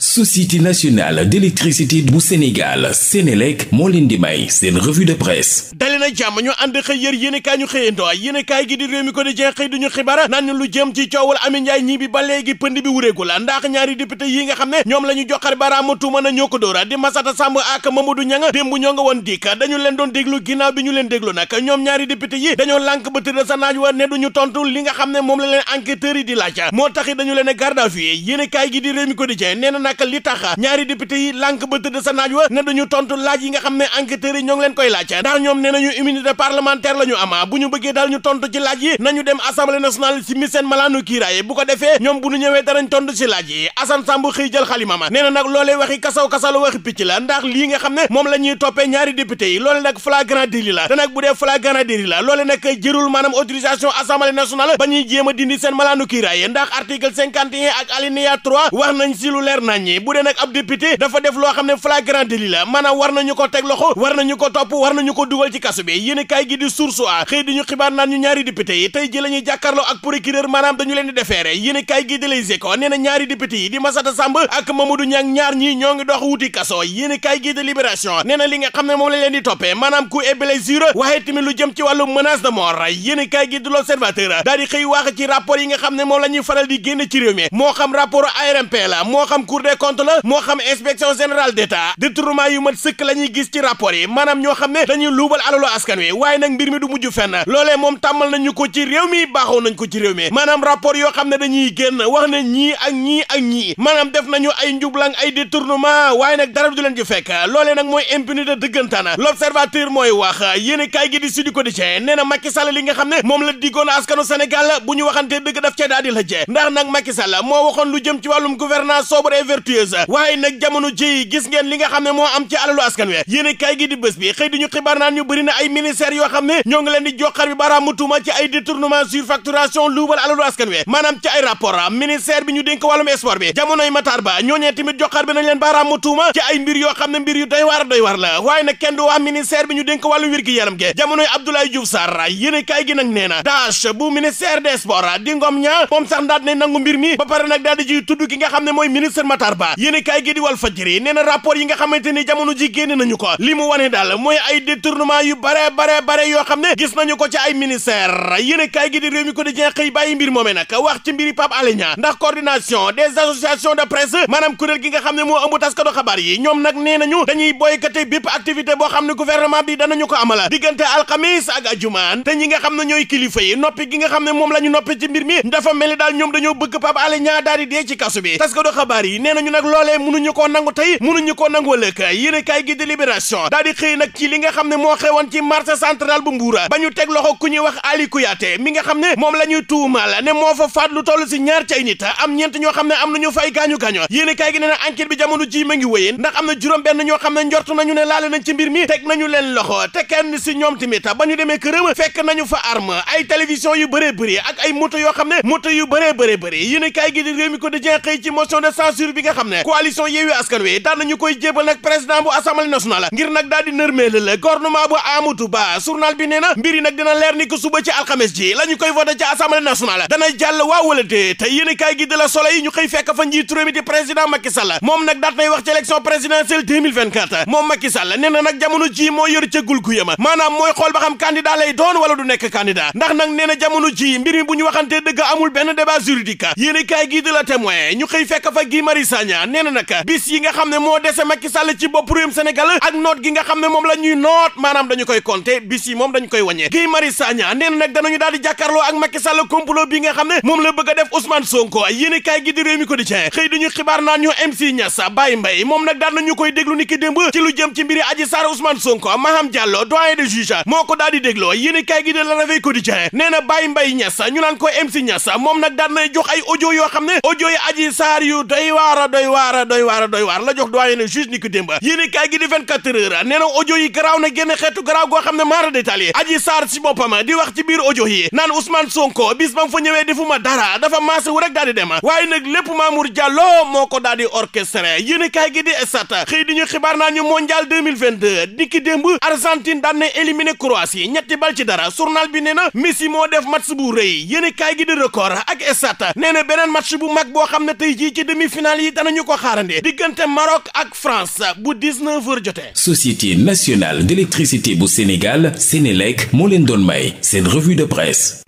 société nationale d'électricité bu Sénégal Sénélec moo leen di may seen revue de presse dali jàmm ñu ànd xëy yër yéen i kaay ñu xëyandoo yéen gi di réew mi ko di jeex xëy duñu ñu lu jëm yi nga xam ne ñoom la ñu joxar baraamu tuuma na ñoo ko dóora di Massata Samb ak Mamadou Niang démb ñoo nga woon dikk dañu leen doon déglu ginnaaw bi ñu leen déglu nag ñoom ñaari député yi dañoo lànk ba tëdd sa naaj wa ne duñu tontu li nga xam ne moom la leen enquêteurs yi di laaj moo taxi dañu leen garde i nag li tax ñaari député yi lànk ba tëdd sa naaj wa ne dañu tontu laaj yi nga xam ne enquêteurs yi ñoo ngi leen koy laaj ndax ñoom ne nañu immunité parlementaire la ñu ama bu ñu bëggee daal ñu tontu ci laaj yi nañu dem assemblée nationale si mi seen malaanu kiiraay bu ko defee ñoom bu ñu ñëwee danañ tontu si laaj yi Assane Samb xëy jël xalima ma nee na nag loolee waxi kasaw kasalu waxi picc la ndax lii nga xam ne moom la ñuy toppee ñaari député yi loole nag flagrant délit la te nag bu dee flagrant délit la loole nag jërul maanaam autorisation assemblée nationale ba ñuy jéem a dindi seen malaanu kiiraay ndax article 51 ak alinéa 3 wax nañ si lu leer nañ naññi bu dee nag ab député dafa def loo xam ne flagrant délit la maanaam war ko teg loxo war nañu ko topp war nañu ko dugal ci kaso bi yéen gi di source xëy di xibaar naan ñu ñaari député yi tey ji la ak procureur maanaam dañu leen di defeere yéen kaay gi di Les Échos nee ñaari député yi di Massata Samb ak Mamadou Niang ñaar ñi ñoo ngi dox wuti kaso yéen kaay gi di Libération nee li nga xam ne moom lañ leen di toppee maanaam coups et des comptes la moo xam inspection générale d'État détournement yu mat sëkk la gis ci rapport yi maanaam ñoo xam ne dañuy luubal alalu askan wi waaye nag mbir mi du mujj fenn loolee moom tàmmal nañu ko ci réew mi baaxoo nañ ko ci réew mi maanaam rapport yoo xam ne dañuy génn wax ne ñii ak ñii ak ñii maanaam def nañu ay njublang ay détournement waaye nag dara du leen ci fekk loolee nag mooy impunité dëggantaan l'observateur mooy wax yéen kaay gi di Sud li nga xam ne moom la diggoon askanu Sénégal bu ñu waxantee dëgg daf cee daal di la jee wàllum gouvernance sobre vertueuse waaye nag jamono ji gis ngeen li nga xam ne moo am ci alalu askan we yéen kay gi di bés bi ñu xibaar naan ñu bëri ay ministères yoo xam ne ñoo ngi leen di joxar bi baraamu tuuma ci ay détournement surfacturation luubal alalu askan we maanaam ci ay rapport ministère bi ñu dénk wàllum sport bi jamonoy Matar Ba ñooñee tamit joxar bi nañ leen baraamu tuuma ci ay mbir yoo xam ne mbir yu doy waar doy waar la waaye nag kenn du wax ministère Matar Ba yéen kaay gi di Walf Fadjri nee na rapport yi nga xamante ni jamono ji génn nañu ko li mu wane daal mooy ay détournement yu bare bare bare yoo xam ne gis nañu ko ci ay ministère yéen kaay gi di Rewmi Quotidien xëy bàyyi mbir moomee nag wax ci mbiri Pape Alé Niang ndax coordination des associations de presse maanaam kuréel gi nga xam ne moo ëmb taskatu xabaar yi ñoom nag nee nañu dañuy boycotté bépp activité boo xam ne gouvernement bi danañu ko amala diggante alxamis ak ajumaan te ñi nga xam ne ñooy kilifa yi noppi gi nga xam ne moom la ñu noppi ci mbir mi dafa mel ni daal ñoom dañoo nee nañu nag loolee mënuñu ko nangu tey mënuñu ko nangu ëllëg yéen kaay gi délibération daal di xëy nag ci li nga xam ne moo xewoon ci marché central bu Mbuur ba ñu teg loxo ku ñuy wax Ali mi nga xam ne moom la ñuy tuumal ne moo fa faat lu toll si ñaar ci ay nit am ñeent ñoo xam ne am nañu fay gaañu-gaaño yéen kaay gi nee na enquête bi jamono ji ma ngi wéyee ndax am na juróom benn ñoo xam ne njort nañu ne laale nañ ci mbir mi teg nañu leen loxo te kenn si ñoom tamit ba ñu demee këram fekk nañu fa arme ay télévision yu bëree bëri ay moto yoo xam ne moto yu bëree bëree bëri yéen kaay gi ko ci motion de censure bi nga Askan Wi daan nañu koy jébal nag président bu assemblée nationale ngir nag daal di nërmeele la gouvernement bu Amadou Ba journal bi nee na nag dina leer ni ko suba ci alxames ji la ñu koy voté ci assemblée nationale dana jàll waa wala dee te yéen kaay gi de la ñu xëy fekk fa njiitu réew mi di président Macky Sall moom nag daat nay wax ci élection présidentielle 2024 moom Macky Sall nee na nag jamono ji moo yor cëggul gu xam candidat lay doon wala du nekk candidat ndax nag nee na Sagna nee na nag bis yi nga xam ne moo dese Macky Sall ci bopp réewum Sénégal ak noot gi nga xam ne moom la ñuy noot maanaam dañu koy compter bis moom dañu koy wàññee Guy Marius Sagna nee na nag danañu daal di jàkkaarloo ak Macky Sall complot bi nga xam ne moom la bëgg a def Ousmane Sonko yéene kaay gi di réew mi ko di cee xëy duñu xibaar naan ñu MC Niass Baye Mbaye moom nag daan nañu koy déglu ni ki ci lu jëm ci mbiri Adji Sarr Ousmane Sonko ko daal di na Baye yoo xam ne audio waar a doy waar a doy waar a doy waar la jox doyen juge ni ko démba yéene kaay gi di 24 heures nee na audio yi garaaw na génn xeetu garaaw goo xam ne maara détaillé aji saar si boppam di wax ci biir audio yi naan Sonko bis ba mu fa ñëwee dara dafa maase wu rek daal di dem waaye nag lépp Mamour moo ko daal di orchestré yéene kaay gi di ñu xibaar naa ñu mondial 2022 di ki démb Argentine daan na éliminé Croatie ñetti yi danañu ko xaarandee diggante Maroc ak France bu 19 heures jotee. Société nationale d'électricité bu Sénégal Sénélec moo leen doon may seen revue de presse.